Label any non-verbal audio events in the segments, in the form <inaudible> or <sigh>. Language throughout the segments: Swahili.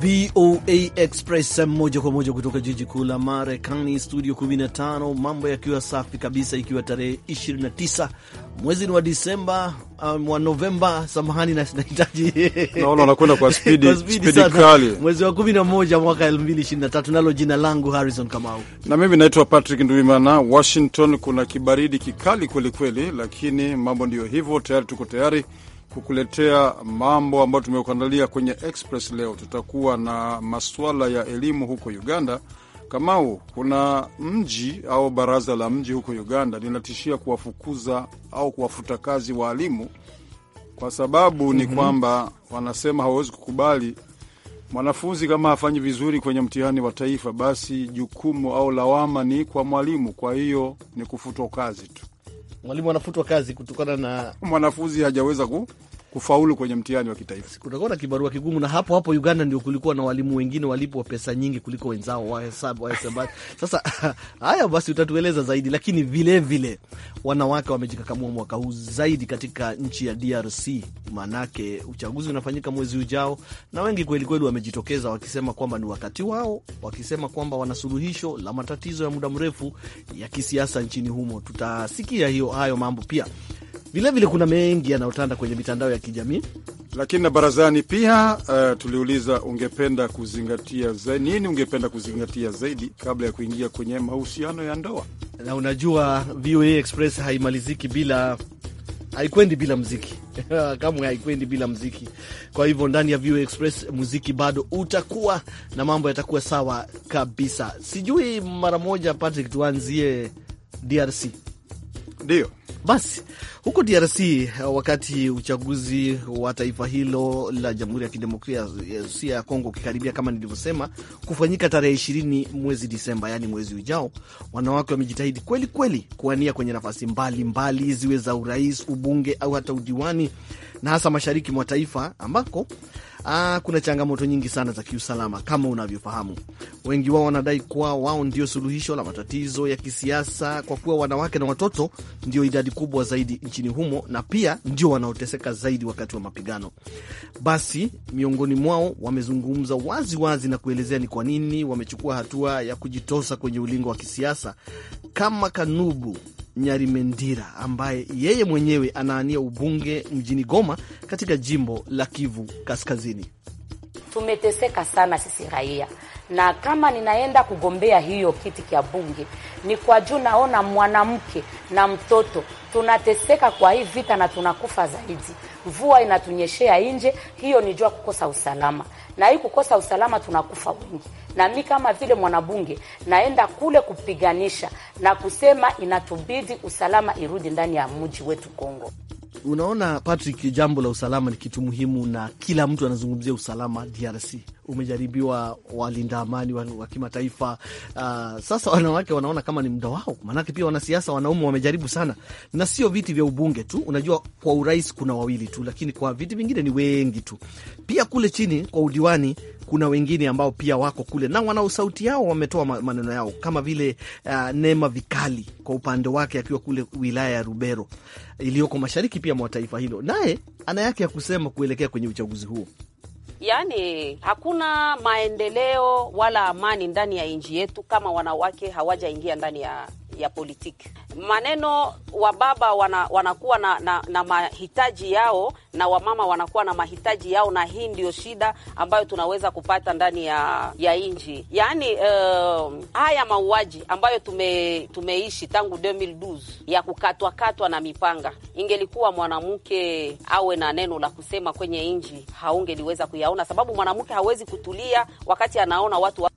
VOA Express moja kwa moja kutoka jiji kuu la Marekani, studio 15. Mambo yakiwa safi kabisa, ikiwa tarehe 29 mwezi ni wa Disemba um, wa Novemba, samahani na nahitaji naona unakwenda kwa <laughs> spidi kwa spidi kali, mwezi wa 11 mwaka 2023, nalo jina langu Harrison Kamau na mimi naitwa Patrick Ndwimana. Washington kuna kibaridi kikali kwelikweli, lakini mambo ndiyo hivyo, tayari tuko tayari kukuletea mambo ambayo tumekuandalia kwenye Express leo. Tutakuwa na masuala ya elimu huko Uganda. Kamau, kuna mji au baraza la mji huko Uganda linatishia kuwafukuza au kuwafuta kazi waalimu kwa sababu ni mm -hmm. kwamba wanasema hawawezi kukubali mwanafunzi kama hafanyi vizuri kwenye mtihani wa taifa, basi jukumu au lawama ni kwa mwalimu, kwa hiyo ni kufutwa kazi tu mwalimu anafutwa kazi kutokana na mwanafunzi hajaweza ku kufaulu kwenye mtihani wa kitaifa, kutakuwa na kibarua kigumu. Na hapo hapo Uganda ndio kulikuwa na walimu wengine walipwa pesa nyingi kuliko wenzao wa hesabu, wa wahesabaji. Sasa <laughs> haya basi, utatueleza zaidi, lakini vilevile wanawake wamejikakamua mwaka huu zaidi katika nchi ya DRC, maanake uchaguzi unafanyika mwezi ujao, na wengi kwelikweli wamejitokeza wakisema kwamba ni wakati wao, wakisema kwamba wana suluhisho la matatizo ya muda mrefu ya kisiasa nchini humo. Tutasikia hiyo hayo mambo pia Vilevile kuna mengi yanayotanda kwenye mitandao ya kijamii, lakini na barazani pia. Uh, tuliuliza ungependa kuzingatia zaidi nini, ungependa kuzingatia zaidi kabla ya kuingia kwenye mahusiano ya ndoa. Na unajua VOA Express haimaliziki bila haikwendi bila mziki <laughs> kamwe, haikwendi bila mziki. Kwa hivyo ndani ya VOA Express muziki bado utakuwa na mambo yatakuwa sawa kabisa. Sijui mara moja, Patrick, tuanzie DRC ndio Basi huko DRC eh, wakati uchaguzi wa taifa hilo la Jamhuri ya Kidemokrasia ya Kongo ukikaribia kama nilivyosema kufanyika tarehe ishirini mwezi Disemba, yaani mwezi ujao, wanawake wamejitahidi kweli kweli kuwania kwenye nafasi mbalimbali mbali, ziwe za urais, ubunge au hata udiwani na hasa mashariki mwa taifa ambako aa, ah, kuna changamoto nyingi sana za kiusalama kama unavyofahamu. Wengi wao wanadai kuwa wao ndio suluhisho la matatizo ya kisiasa kwa kuwa wanawake na watoto ndio idadi kubwa zaidi nchini humo na pia ndio wanaoteseka zaidi wakati wa mapigano. Basi miongoni mwao wamezungumza waziwazi wazi na kuelezea ni kwa nini wamechukua hatua ya kujitosa kwenye ulingo wa kisiasa kama Kanubu Nyarimendira ambaye yeye mwenyewe anaania ubunge mjini Goma katika jimbo la Kivu Kaskazini. Tumeteseka sana sisi raia, na kama ninaenda kugombea hiyo kiti kya bunge ni kwa juu naona mwanamke na mtoto tunateseka kwa hii vita na tunakufa zaidi. Mvua inatunyeshea nje, hiyo ni jua kukosa usalama na hii kukosa usalama tunakufa wengi. Na mi kama vile mwanabunge naenda kule kupiganisha na kusema inatubidi usalama irudi ndani ya mji wetu Kongo. Unaona Patrick, jambo la usalama ni kitu muhimu, na kila mtu anazungumzia usalama DRC. Umejaribiwa walinda amani wa, wa kimataifa. Uh, sasa wanawake wanaona kama ni muda wao, maanake pia wanasiasa wanaume wamejaribu sana, na sio viti vya ubunge tu. Unajua, kwa urais kuna wawili tu, lakini kwa viti vingine ni wengi tu. Pia kule chini kwa udiwani kuna wengine ambao pia wako kule na wana sauti yao, wametoa maneno yao kama vile uh, Neema Vikali kwa upande wake akiwa kule wilaya ya Rubero uh, iliyoko mashariki pia mwa taifa hilo, naye ana yake ya kusema kuelekea kwenye uchaguzi huo. Yaani, hakuna maendeleo wala amani ndani ya nchi yetu kama wanawake hawajaingia ndani ya ya politiki. Maneno baba wana, wanakuwa na, na, na mahitaji yao na wamama wanakuwa na mahitaji yao, na hii ndiyo shida ambayo tunaweza kupata ndani ya, ya nchi yaani, uh, haya mauaji ambayo tume, tumeishi tangu 2012 ya kukatwakatwa na mipanga. Ingelikuwa mwanamke awe na neno la kusema kwenye nchi, haungeliweza kuyaona, sababu mwanamke hawezi kutulia wakati anaona watu wa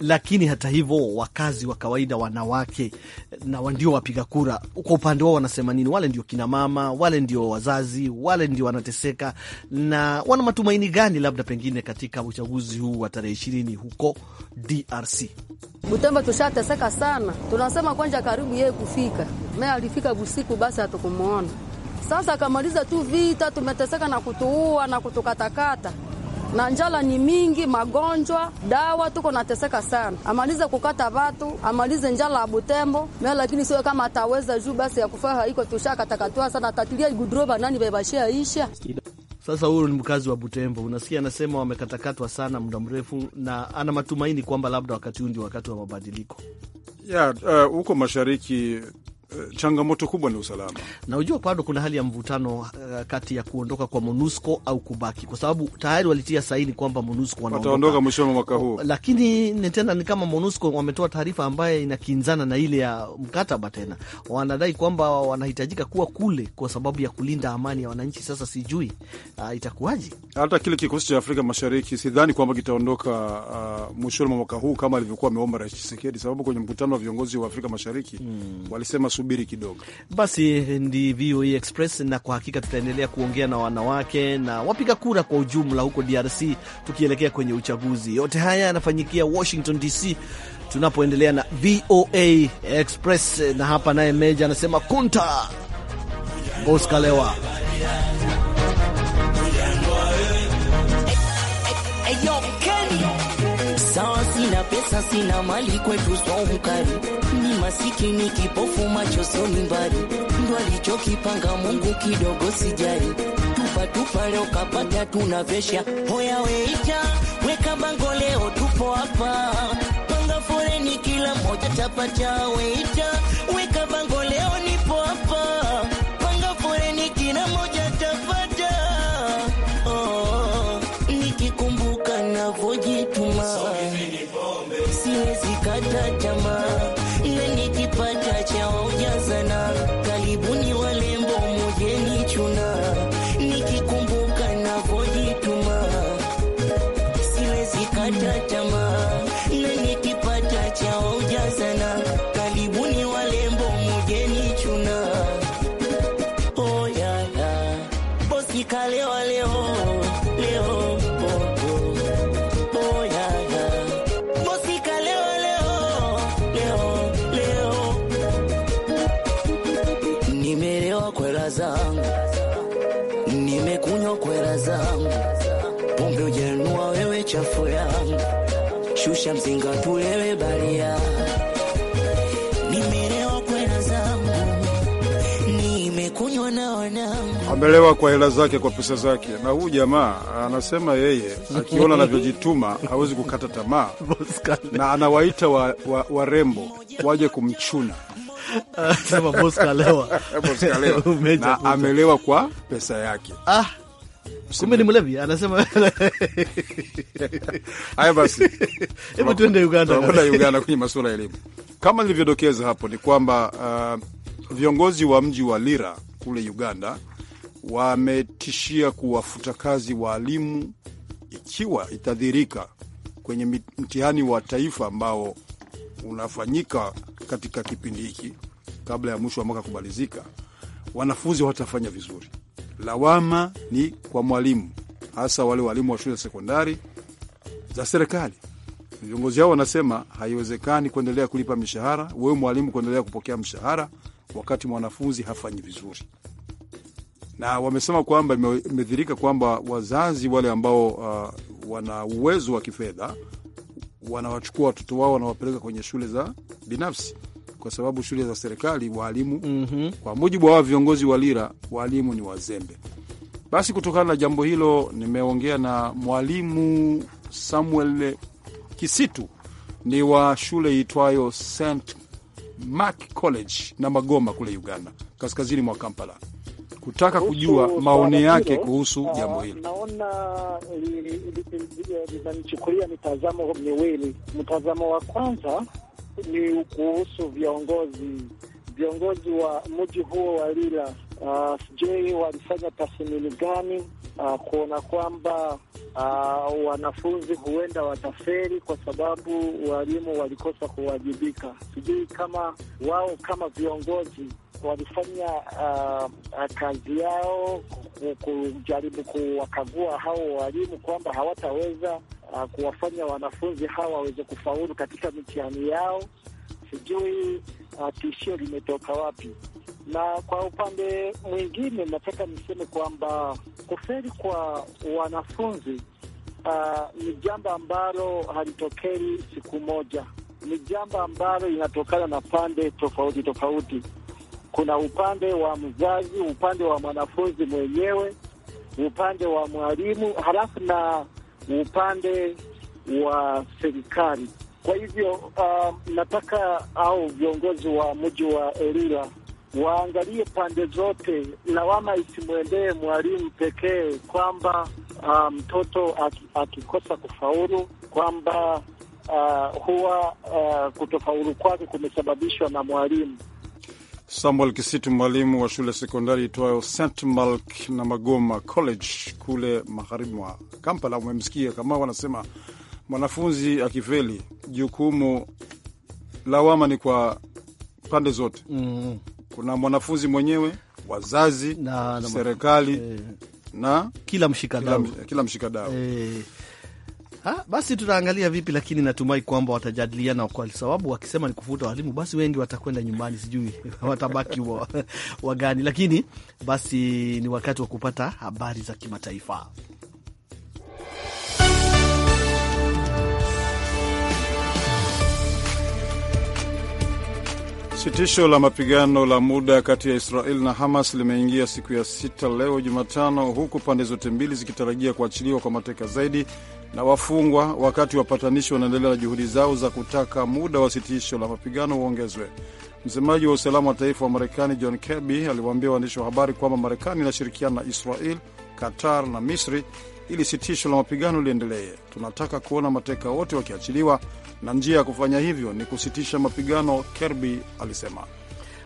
lakini hata hivyo, wakazi wa kawaida, wanawake na ndio wapiga kura, kwa upande wao wanasema nini? Wale ndio kinamama, wale ndio wazazi, wale ndio wanateseka, na wana matumaini gani labda pengine katika uchaguzi huu wa tarehe ishirini huko DRC? Butembo tushateseka sana, tunasema kwanja karibu yeye kufika me alifika busiku, basi hatukumwona Sasa akamaliza tu vita, tumeteseka na kutuua na kutukatakata na njala ni mingi, magonjwa, dawa, tuko nateseka sana. Amalize kukata vatu, amalize njala ya Butembo mea, lakini sio kama ataweza juu basi ya kufaa haiko tushakatakatwa sana tatilia gudroba nani bebashia isha sasa huyu ni mkazi wa Butembo, unasikia anasema wamekatakatwa sana muda mrefu, na ana matumaini kwamba labda wakati huu ndio wakati wa mabadiliko ya uh, huko uh, mashariki Eh, changamoto kubwa ni usalama, na ujua bado kuna hali ya mvutano uh, kati ya kuondoka kwa MONUSCO au kubaki, kwa sababu tayari walitia saini kwamba MONUSCO wataondoka mwishoni mwa mwaka huu, lakini tena ni kama MONUSCO wametoa taarifa ambayo inakinzana na ile ya mkataba. Tena wanadai kwamba wanahitajika kuwa kule kwa sababu ya kulinda amani ya wananchi. Sasa sijui uh, itakuwaje. Hata kile kikosi cha Afrika Mashariki sidhani kwamba kitaondoka uh, mwishoni mwa mwaka huu kama alivyokuwa ameomba Rais Tshisekedi, sababu kwenye mkutano wa viongozi wa Afrika Mashariki hmm, walisema tusubiri kidogo. Basi ndi VOA Express, na kwa hakika tutaendelea kuongea na wanawake na wapiga kura kwa ujumla huko DRC tukielekea kwenye uchaguzi. Yote haya yanafanyikia Washington DC tunapoendelea na VOA Express, na hapa naye Meja anasema kunta boskalewa sawa. Sina pesa, sina mali, kwetu swaumkari ni masikini, kipofu, macho sio mimbari, ndo alichokipanga Mungu, kidogo sijari tupa tupa, leo kapata tunavesha. Hoya weita, weka bango leo, tupo hapa, panga foreni, kila moja tapata. Weita shusha mzinga tulewe baria, Amelewa kwa hela zake, kwa pesa zake. Na huyu jamaa anasema yeye akiona anavyojituma hawezi kukata tamaa, na anawaita warembo wa, wa waje kumchuna <laughs> <laughs> na amelewa kwa pesa yake ah. Kumbe ni mlevi anasema. <laughs> Haya basi, hebu tuende Uganda, Uganda kwenye masuala ya elimu. Kama nilivyodokeza hapo, ni kwamba uh, viongozi wa mji wa Lira kule Uganda wametishia kuwafuta kazi waalimu ikiwa itadhirika kwenye mtihani wa taifa ambao unafanyika katika kipindi hiki kabla ya mwisho wa mwaka kumalizika wanafunzi watafanya vizuri. Lawama ni kwa mwalimu, hasa wale walimu wa shule za sekondari za serikali. Viongozi hao wanasema haiwezekani kuendelea kulipa mishahara, wewe mwalimu kuendelea kupokea mshahara wakati mwanafunzi hafanyi vizuri, na wamesema kwamba imedhirika kwamba wazazi wale ambao uh, wana uwezo wa kifedha wanawachukua watoto wao wanawapeleka kwenye shule za binafsi kwa sababu shule za serikali walimu mm -hmm. kwa mujibu wa viongozi wa LIRA walimu ni wazembe. Basi kutokana na jambo hilo, nimeongea na mwalimu Samuel Kisitu, ni wa shule iitwayo St Mark College na Magoma kule Uganda, kaskazini mwa Kampala, kutaka kujua maoni yake kuhusu jambo hilo Naona linanichukulia mitazamo miwili. Mtazamo wa kwanza ni kuhusu viongozi viongozi wa mji huo wa Lila. Uh, sijui walifanya tathmini gani uh, kuona kwamba uh, wanafunzi huenda wataferi kwa sababu walimu walikosa kuwajibika. Sijui kama wao kama viongozi walifanya uh, uh, kazi yao kujaribu kuwakagua hao walimu kwamba hawataweza uh, kuwafanya wanafunzi hawa waweze kufaulu katika mitihani yao. Sijui uh, tishio limetoka wapi. Na kwa upande mwingine, nataka niseme kwamba kufeli kwa wanafunzi uh, ni jambo ambalo halitokei siku moja, ni jambo ambalo inatokana na pande tofauti tofauti. Kuna upande wa mzazi, upande wa mwanafunzi mwenyewe, upande wa mwalimu, halafu na upande wa serikali. Kwa hivyo uh, nataka au viongozi wa mji wa Elila waangalie pande zote. Lawama isimwendee mwalimu pekee kwamba uh, mtoto akikosa kufaulu kwamba uh, huwa uh, kutofaulu kwake kumesababishwa na mwalimu. Samuel Kisitu, mwalimu wa shule sekondari itwayo St Malk na Magoma College kule magharibi mwa Kampala. Umemsikia kama wanasema mwanafunzi akifeli jukumu lawama ni kwa pande zote. mm -hmm. Kuna mwanafunzi mwenyewe, wazazi na, na serikali eh, na kila mshikadau, kila, kila mshikadau eh. Ha, basi tutaangalia vipi, lakini natumai kwamba watajadiliana, kwa sababu wakisema ni kufuta walimu, basi wengi watakwenda nyumbani, sijui <laughs> watabaki wagani wa lakini basi ni wakati wa kupata habari za kimataifa. Sitisho la mapigano la muda kati ya Israel na Hamas limeingia siku ya sita leo Jumatano, huku pande zote mbili zikitarajia kuachiliwa kwa mateka zaidi na wafungwa, wakati wapatanishi wanaendelea na juhudi zao za kutaka muda wa sitisho la mapigano uongezwe. Msemaji wa usalama wa taifa wa Marekani John Kirby aliwaambia waandishi wa habari kwamba Marekani inashirikiana na Israel, Qatar na Misri ili sitisho la mapigano liendelee. Tunataka kuona mateka wote wakiachiliwa na njia ya kufanya hivyo ni kusitisha mapigano, Kirby alisema.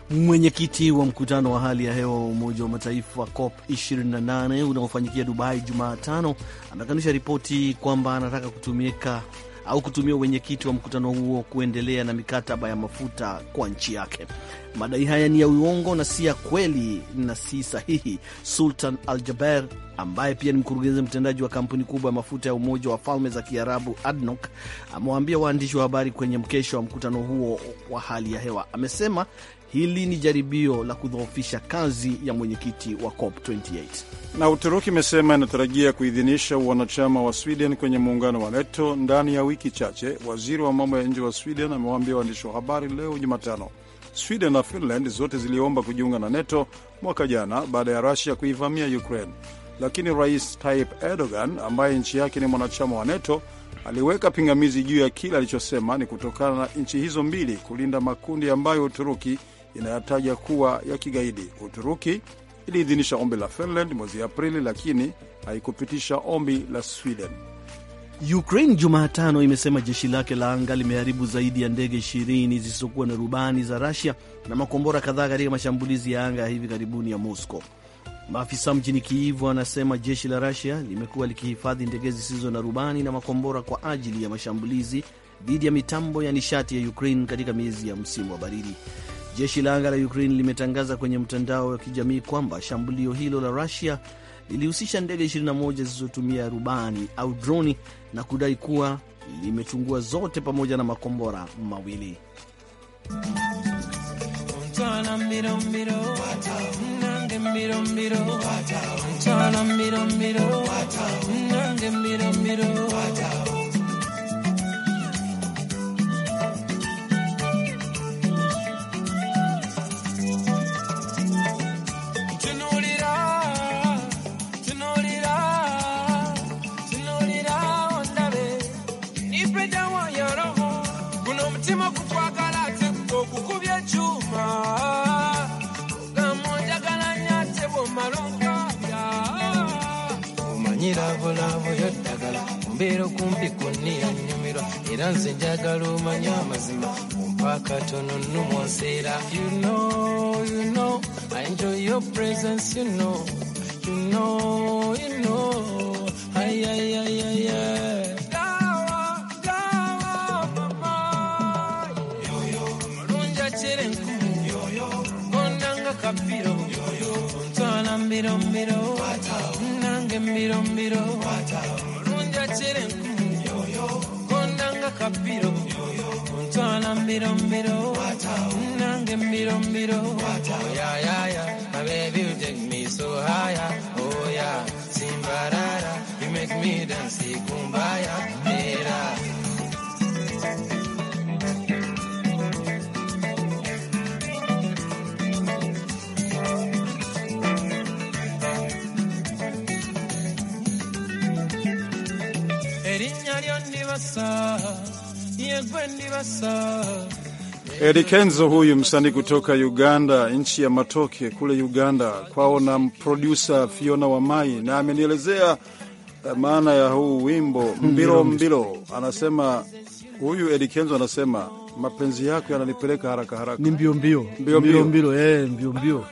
Mwenyekiti wa mkutano wa hali ya hewa wa Umoja wa Mataifa COP 28 unaofanyikia Dubai Jumatano amekanusha ripoti kwamba anataka kutumika au kutumia wenyekiti wa mkutano huo kuendelea na mikataba ya mafuta kwa nchi yake. Madai haya ni ya uongo na si ya kweli na si sahihi. Sultan Al Jaber ambaye pia ni mkurugenzi mtendaji wa kampuni kubwa ya mafuta ya Umoja wa Falme za Kiarabu ADNOC amewaambia waandishi wa habari kwenye mkesho wa mkutano huo wa hali ya hewa. Amesema hili ni jaribio la kudhoofisha kazi ya mwenyekiti wa COP28. Na Uturuki imesema inatarajia kuidhinisha wanachama wa Sweden kwenye muungano wa NATO ndani ya wiki chache. Waziri wa mambo ya nje wa Sweden amewaambia waandishi wa habari leo Jumatano. Sweden na Finland zote ziliomba kujiunga na NATO mwaka jana baada ya Rusia kuivamia Ukraine, lakini Rais Tayyip Erdogan ambaye nchi yake ni mwanachama wa NATO aliweka pingamizi juu ya kile alichosema ni kutokana na nchi hizo mbili kulinda makundi ambayo Uturuki inayotaja kuwa ya kigaidi. Uturuki iliidhinisha ombi la Finland mwezi Aprili, lakini haikupitisha ombi la Sweden. Ukraine Jumatano imesema jeshi lake la anga limeharibu zaidi ya ndege ishirini zisizokuwa na rubani za Rusia na makombora kadhaa katika mashambulizi ya anga ya hivi karibuni ya Moscow. Maafisa mjini Kiivu wanasema jeshi la Rusia limekuwa likihifadhi ndege zisizo na rubani na makombora kwa ajili ya mashambulizi dhidi ya mitambo ya nishati ya Ukraine katika miezi ya msimu wa baridi. Jeshi la anga la Ukraine limetangaza kwenye mtandao wa kijamii kwamba shambulio hilo la Rusia lilihusisha ndege 21 zilizotumia rubani au droni na kudai kuwa limechungua zote pamoja na makombora mawili. nkirabulamu yo ddagala mbeera okumpi kunni yannyumirwa era nze njagala omanya amazima kumpakatono nnumonseera Biro, biro, biro. ng'emmiro mmiro olunja kirenku kondanga kabbiro ontwala mbiro mbiro nange mbiro mbiro oyayaya abebuilding me so haya oya simbarara you make me dance kumbaya era Eri Kenzo huyu msanii kutoka Uganda, nchi ya matoke kule Uganda kwao, na produsa Fiona Wamai, na amenielezea eh, maana ya huu wimbo mm, mbilo mbilo. Anasema huyu Eri Kenzo anasema mapenzi yako yananipeleka haraka haraka, ni mbio mbio mbio mbio mbio, eh mbio mbio.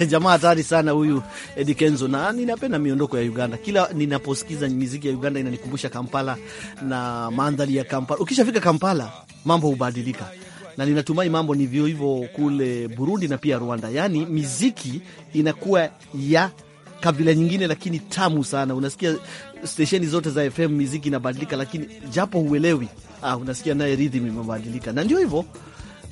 <laughs> <laughs> Jamaa hatari sana huyu Eddie Kenzo, na ninapenda miondoko ya Uganda. Kila ninaposikiza muziki ya Uganda inanikumbusha Kampala na mandhari ya Kampala. Ukishafika Kampala mambo hubadilika na ninatumai mambo ni vyo hivyo kule Burundi na pia Rwanda, yaani miziki inakuwa ya kabila nyingine, lakini tamu sana. Unasikia stesheni zote za FM miziki inabadilika, lakini japo huelewi, ah, unasikia naye rhythm imebadilika, na ndio hivyo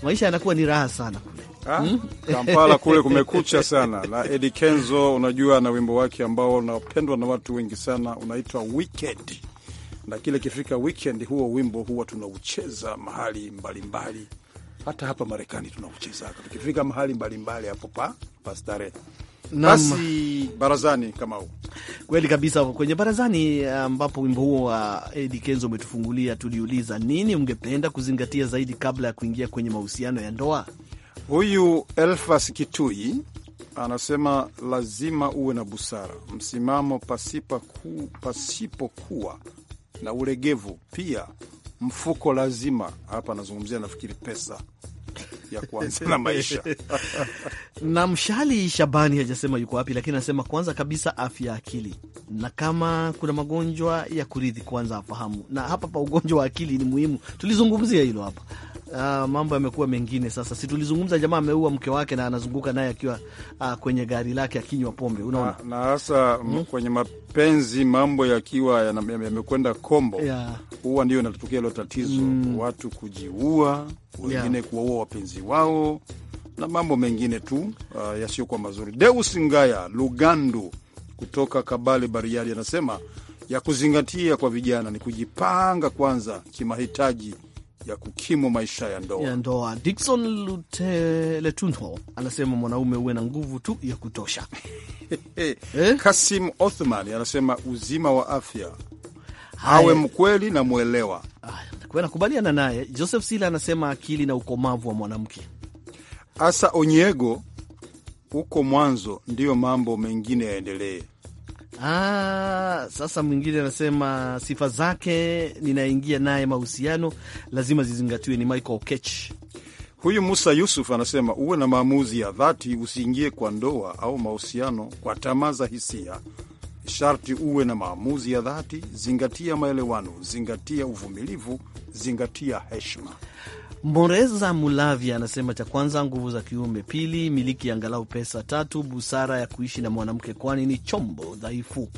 maisha yanakuwa ni raha sana Ha? Ah, hmm? Kampala kule <laughs> kumekucha sana na Eddie Kenzo, unajua na wimbo wake ambao unapendwa na watu wengi sana unaitwa Weekend, na kile kifika weekend, huo wimbo huwa tunaucheza mahali mbalimbali mbali. Hata hapa Marekani tunaucheza tukifika mahali mbalimbali mbali hapo pa pastare basi barazani kama huu kweli kabisa. Kwenye barazani ambapo wimbo huo wa Eddie Kenzo umetufungulia, tuliuliza nini ungependa kuzingatia zaidi kabla ya kuingia kwenye mahusiano ya ndoa. Huyu Elfas Kitui anasema lazima uwe na busara, msimamo pasipo ku, pasipokuwa na ulegevu, pia mfuko lazima. Hapa anazungumzia nafikiri pesa ya <laughs> kwanza na maisha <laughs> na Mshali Shabani hajasema yuko wapi, lakini anasema kwanza kabisa afya ya akili, na kama kuna magonjwa ya kurithi kwanza afahamu, na hapa pa ugonjwa wa akili ni muhimu, tulizungumzia hilo hapa uh, mambo yamekuwa mengine sasa. Si tulizungumza jamaa ameua mke wake na anazunguka naye akiwa uh, kwenye gari lake akinywa pombe, unaona na hasa mm, hmm? Kwenye mapenzi mambo yakiwa yamekwenda ya kombo yeah. Huwa ndio inatokea hilo tatizo mm. Watu kujiua, wengine yeah. kuwaua wapenzi wao na mambo mengine tu uh, ah, yasiyokuwa mazuri. Deus Ngaya Lugandu kutoka Kabale, Bariadi anasema ya kuzingatia kwa vijana ni kujipanga kwanza kimahitaji ya kukimu maisha ya ndoa ya ndoa. Dickson Letunho anasema mwanaume uwe na nguvu tu ya kutosha. <laughs> Eh? Kasim Othman anasema uzima wa afya, awe mkweli na mwelewa. Nakubaliana naye. Joseph Sila anasema akili na ukomavu wa mwanamke. Asa Onyego huko mwanzo, ndiyo mambo mengine yaendelee. Ah, sasa mwingine anasema sifa zake ninaingia naye mahusiano lazima zizingatiwe. Ni Michael Ketch. Huyu Musa Yusuf anasema uwe na maamuzi ya dhati, usiingie kwa ndoa au mahusiano kwa tamaa za hisia. Sharti uwe na maamuzi ya dhati, zingatia maelewano, zingatia uvumilivu, zingatia heshima. Mboreza Mulavya anasema cha kwanza nguvu za kiume, pili miliki ya angalau pesa, tatu busara ya kuishi na mwanamke, kwani ni chombo dhaifu.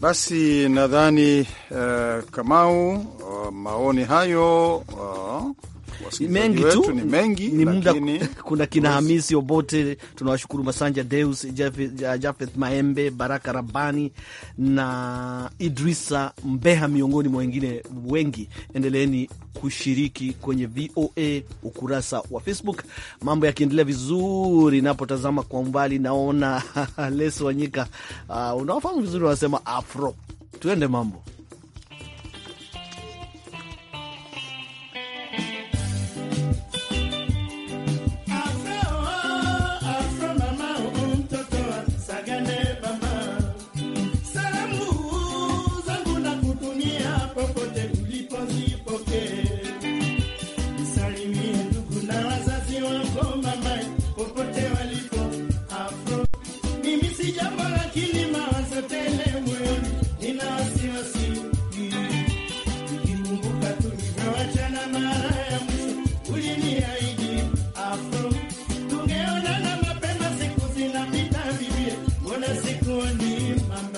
Basi nadhani uh, Kamau uh, maoni hayo uh, mengi tu ni mengi, ni muda lakini... <laughs> kuna kina Hamisi Obote, tunawashukuru Masanja Deus, uh, Jafeth Maembe, Baraka Rabani na Idrisa Mbeha, miongoni mwa wengine wengi. Endeleeni kushiriki kwenye VOA ukurasa wa Facebook, mambo yakiendelea vizuri. Napotazama kwa umbali naona <laughs> Leso Wanyika, uh, unaofahamu vizuri, wanasema afro. Tuende mambo him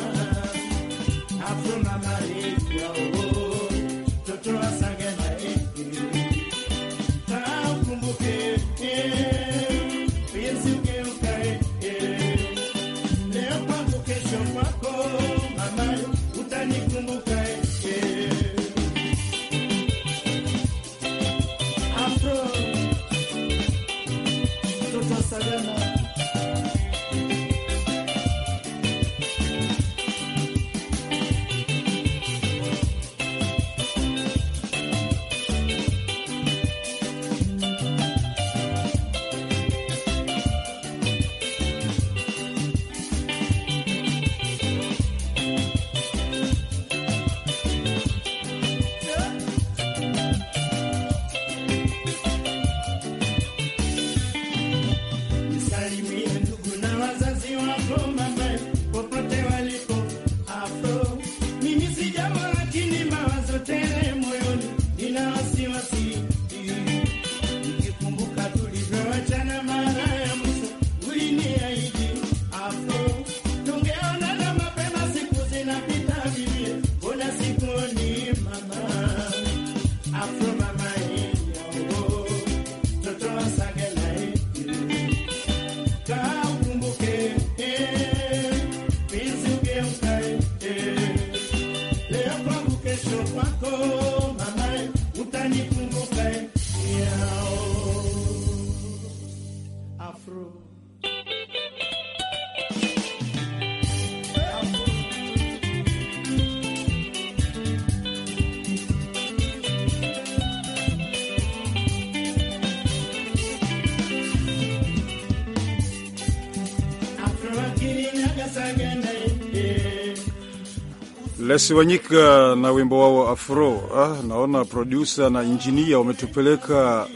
Lesi Wanyika na wimbo wao Afro. Ah, naona produsa na injinia wametupeleka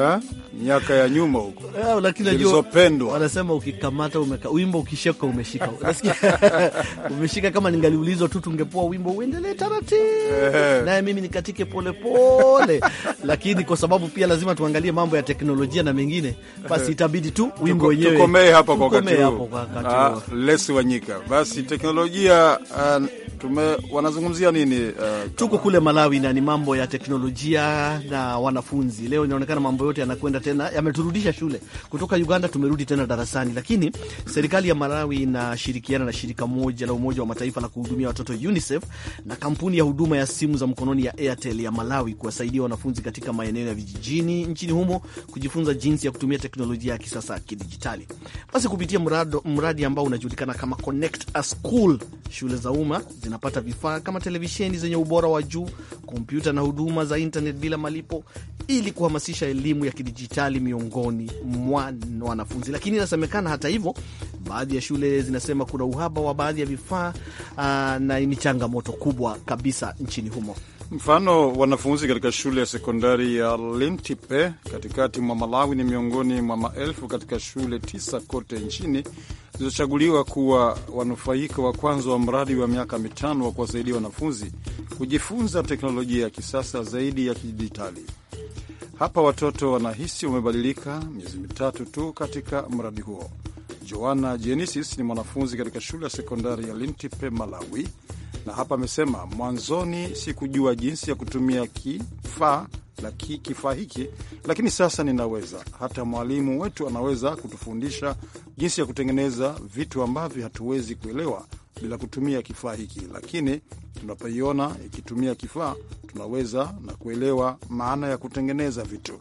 ah, miaka ya nyuma huko eh, zilizopendwa. Wanasema ukikamata umeka, wimbo ukishika umeshika. <laughs> Umeshika kama ningaliulizwa tu tungepoa wimbo uendelee taratibu eh. naye mimi nikatike polepole lakini kwa sababu pia lazima tuangalie mambo ya teknolojia na mengine, basi eh. itabidi tu wimbo wenyewe tukomee hapa kwa wakati huu. Ah, Lesi Wanyika, basi teknolojia uh, tume, wanazungumzia nini? Uh, tuko kule Malawi na ni mambo ya teknolojia na wanafunzi. Leo inaonekana mambo yote yanakwenda tena, yameturudisha shule kutoka Uganda, tumerudi tena darasani, lakini serikali ya Malawi inashirikiana na shirika moja la Umoja wa Mataifa la kuhudumia watoto UNICEF na kampuni ya huduma ya simu za mkononi ya Airtel ya Malawi kuwasaidia wanafunzi katika maeneo ya vijijini nchini humo kujifunza jinsi ya kutumia teknolojia ya kisasa ya kidijitali. Basi kupitia mradi ambao unajulikana kama Connect a School, shule za umma zinapata vifaa kama televisheni zenye ubora wa juu, kompyuta na huduma za internet bila malipo, ili kuhamasisha elimu ya kidijitali miongoni mwa wanafunzi. Lakini inasemekana hata hivyo, baadhi ya shule zinasema kuna uhaba wa baadhi ya vifaa uh, na ni changamoto kubwa kabisa nchini humo. Mfano, wanafunzi katika shule ya sekondari ya lintipe katikati mwa Malawi ni miongoni mwa maelfu katika shule tisa kote nchini zilizochaguliwa kuwa wanufaika wa kwanza wa mradi wa miaka mitano wa kuwasaidia wanafunzi kujifunza teknolojia ya kisasa zaidi ya kidijitali. Hapa watoto wanahisi wamebadilika miezi mitatu tu katika mradi huo. Joana Genesis ni mwanafunzi katika shule ya sekondari ya Lintipe, Malawi na hapa amesema mwanzoni sikujua jinsi ya kutumia kifaa laki kifaa hiki, lakini sasa ninaweza. Hata mwalimu wetu anaweza kutufundisha jinsi ya kutengeneza vitu ambavyo hatuwezi kuelewa bila kutumia kifaa hiki, lakini tunapoiona ikitumia kifaa tunaweza na kuelewa maana ya kutengeneza vitu.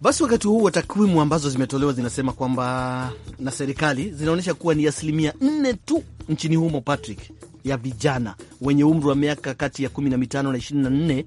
Basi wakati wa takwimu ambazo zimetolewa zinasema kwamba na serikali zinaonyesha kuwa ni asilimia nne tu nchini humo Patrick ya vijana wenye umri wa miaka kati ya 15 na 24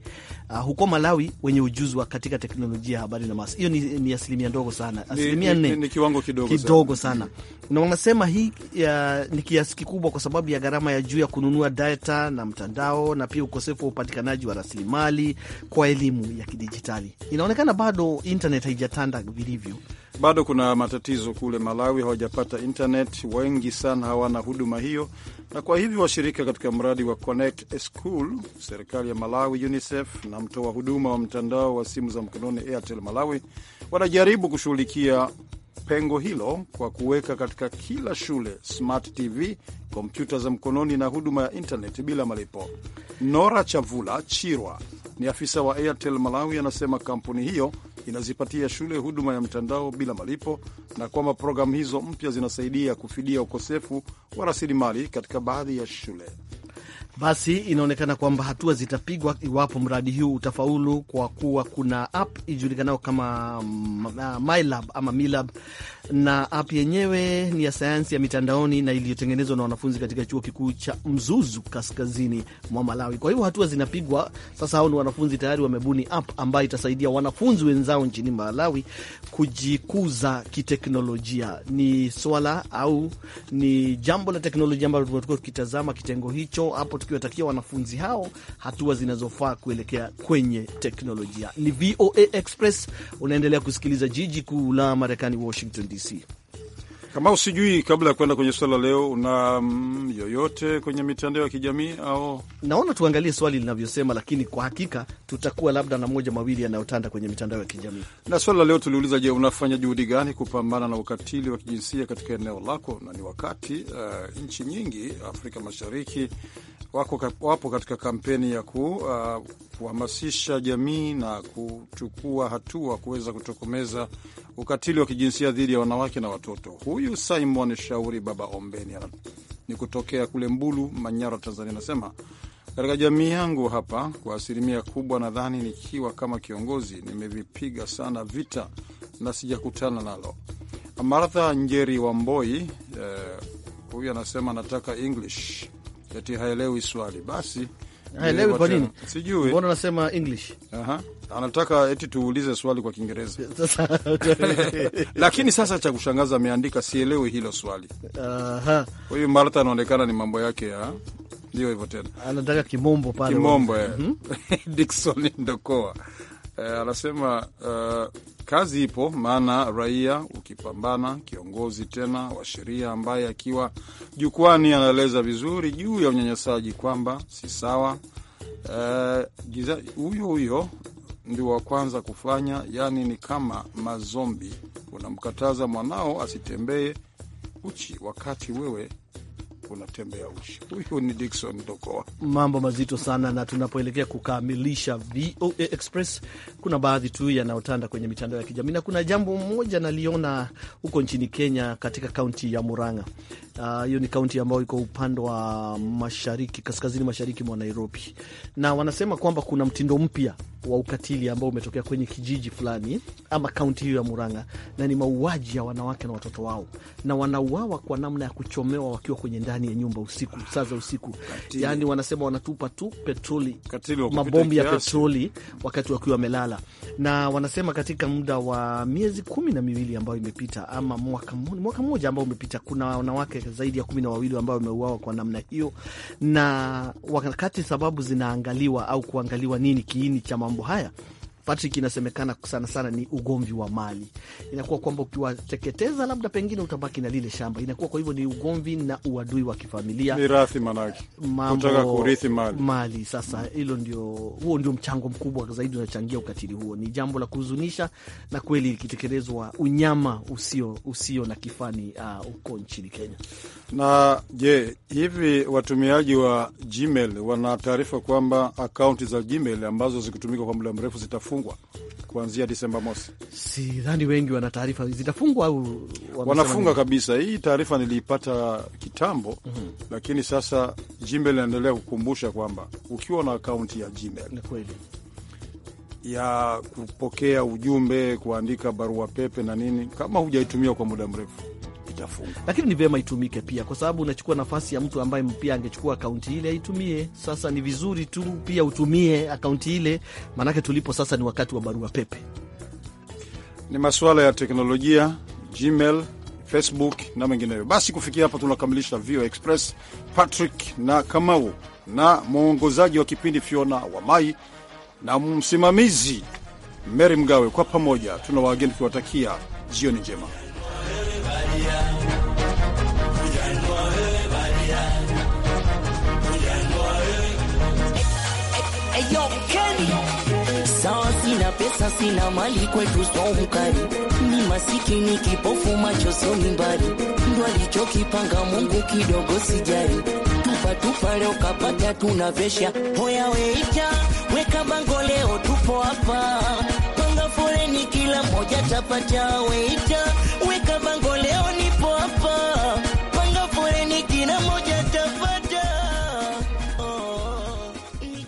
uh, huko Malawi wenye ujuzi wa katika teknolojia ya habari na mawasiliano. Hiyo ni, ni asilimia ndogo sana, asilimia nne ni, ni, ni kiwango kidogo, kidogo sana, sana. Na wanasema hii ya, ni kiasi kikubwa kwa sababu ya gharama ya juu ya kununua data na mtandao na pia ukosefu wa upatikanaji wa rasilimali kwa elimu ya kidijitali. Inaonekana bado internet haijatanda vilivyo bado kuna matatizo kule Malawi, hawajapata internet, wengi sana hawana huduma hiyo, na kwa hivyo washirika katika mradi wa Connect School, serikali ya Malawi, UNICEF na mtoa huduma wa mtandao wa simu za mkononi Airtel Malawi wanajaribu kushughulikia pengo hilo kwa kuweka katika kila shule smart TV, kompyuta za mkononi na huduma ya intaneti bila malipo. Nora Chavula Chirwa ni afisa wa Airtel Malawi, anasema kampuni hiyo inazipatia shule huduma ya mtandao bila malipo na kwamba programu hizo mpya zinasaidia kufidia ukosefu wa rasilimali katika baadhi ya shule. Basi inaonekana kwamba hatua zitapigwa iwapo mradi huu utafaulu, kwa kuwa kuna app ijulikanayo kama mm, ah, MyLab ama MiLab, na app yenyewe ni ya sayansi ya mitandaoni na iliyotengenezwa na wanafunzi katika chuo kikuu cha Mzuzu kaskazini mwa Malawi. Kwa hivyo hatua zinapigwa sasa. Hao ni wanafunzi tayari wamebuni app ambayo itasaidia wanafunzi wenzao nchini Malawi kujikuza kiteknolojia. Ni swala au ni jambo la teknolojia ambalo tumekuwa tukitazama kitengo hicho hapo tukiwatakia wanafunzi hao hatua zinazofaa kuelekea kwenye teknolojia. Ni VOA Express, unaendelea kusikiliza jiji kuu la Marekani, Washington DC. Kama usijui, kabla ya kwenda kwenye swala leo, una mm, yoyote kwenye mitandao ya kijamii au? Naona tuangalie swali linavyosema, lakini kwa hakika tutakuwa labda na moja mawili yanayotanda kwenye mitandao ya kijamii. Na swala leo tuliuliza, je, unafanya juhudi gani kupambana na ukatili wa kijinsia katika eneo lako? Na ni wakati uh, nchi nyingi Afrika Mashariki wako, wapo katika kampeni ya ku, uh, kuhamasisha jamii na kuchukua hatua kuweza kutokomeza ukatili wa kijinsia dhidi ya wanawake na watoto. Huyu Simon Shauri Baba Ombeni ni kutokea kule Mbulu, Manyara, Tanzania, anasema katika jamii yangu hapa, kwa asilimia kubwa, nadhani nikiwa kama kiongozi nimevipiga sana vita na sijakutana nalo. Martha Njeri Wamboi eh, huyu anasema anataka English eti haelewi swali. Basi haelewi eh, kwa nini, sijui. Mbona unasema English? Aha, anataka eti tuulize swali kwa Kiingereza <laughs> <laughs> lakini sasa cha kushangaza ameandika sielewi hilo swali. Aha, huyu Martha anaonekana ni mambo yake ya ndio hivyo tena, anataka kimombo pale, kimombo. Eh. Mhm. <laughs> Dikson Ndokoa eh, anasema uh, Kazi ipo, maana raia ukipambana, kiongozi tena wa sheria ambaye akiwa jukwani anaeleza vizuri juu ya unyanyasaji kwamba si sawa, eh, huyo uh, huyo ndio wa kwanza kufanya. Yani ni kama mazombi, unamkataza mwanao asitembee uchi wakati wewe unatembea uchi. Huyu ni Dikson Dokoa. Mambo mazito sana, na tunapoelekea kukamilisha VOA Express, kuna baadhi tu yanayotanda kwenye mitandao ya kijamii, na kuna jambo moja naliona huko nchini Kenya, katika kaunti ya Murang'a. Ah, hiyo uh, ni kaunti ambayo iko upande wa mashariki, kaskazini mashariki mwa Nairobi, na wanasema kwamba kuna mtindo mpya wa ukatili ambao umetokea kwenye kijiji fulani ama kaunti hiyo ya Murang'a, na ni mauaji ya wanawake na watoto wao, na wanauawa kwa namna ya kuchomewa wakiwa kwenye ndani ya nyumba usiku, saa za usiku. Yani wanasema wanatupa tu petroli, mabombi ya petroli wakati wakiwa wamelala, na wanasema katika muda wa miezi kumi na miwili ambayo imepita ama mwaka mwaka mmoja ambao umepita, kuna wanawake zaidi ya kumi na wawili ambao wameuawa kwa namna hiyo, na wakati sababu zinaangaliwa au kuangaliwa nini kiini cha mambo mambo haya Patrick, inasemekana sana sana ni ugomvi wa mali, inakuwa kwamba ukiwateketeza labda pengine utabaki na lile shamba, inakuwa kwa hivyo ni ugomvi na uadui wa kifamilia, mirathi manake, kutaka kurithi mali. Mali sasa hilo ndio, huo ndio mchango mkubwa zaidi unachangia ukatili huo. Ni jambo la kuhuzunisha na kweli ikitekelezwa unyama usio usio na kifani uh, huko uh, nchini Kenya. Na je, hivi watumiaji wa Gmail wana taarifa kwamba akaunti za Gmail ambazo zikitumika kwa muda mrefu zitafu zitafungwa kuanzia Disemba mosi. Sidhani wengi wana taarifa zitafungwa au wanafunga kabisa. Hii taarifa niliipata kitambo mm -hmm. Lakini sasa Gmail inaendelea kukumbusha kwamba ukiwa na akaunti ya Gmail ya kupokea ujumbe, kuandika barua pepe na nini, kama hujaitumia kwa muda mrefu itafungwa. lakini ni vyema itumike pia, kwa sababu unachukua nafasi ya mtu ambaye pia angechukua akaunti ile aitumie. Sasa ni vizuri tu pia utumie akaunti ile, maanake tulipo sasa ni wakati wa barua pepe, ni masuala ya teknolojia, Gmail, Facebook na mengineyo. Basi kufikia hapa tunakamilisha VOA Express. Patrick na Kamau na mwongozaji wa kipindi Fiona mai na msimamizi Mary Mgawe, kwa pamoja tuna wageni tukiwatakia jioni njema. sina pesa, sina mali, kwetu swa mkali, ni masikini, kipofu, macho sio mbali, ndo alichokipanga Mungu, kidogo sijari tupa tupa, leo kapata, tunavesha hoya, weita weka bango, leo tupo hapa, panga foleni, kila moja tapata, weita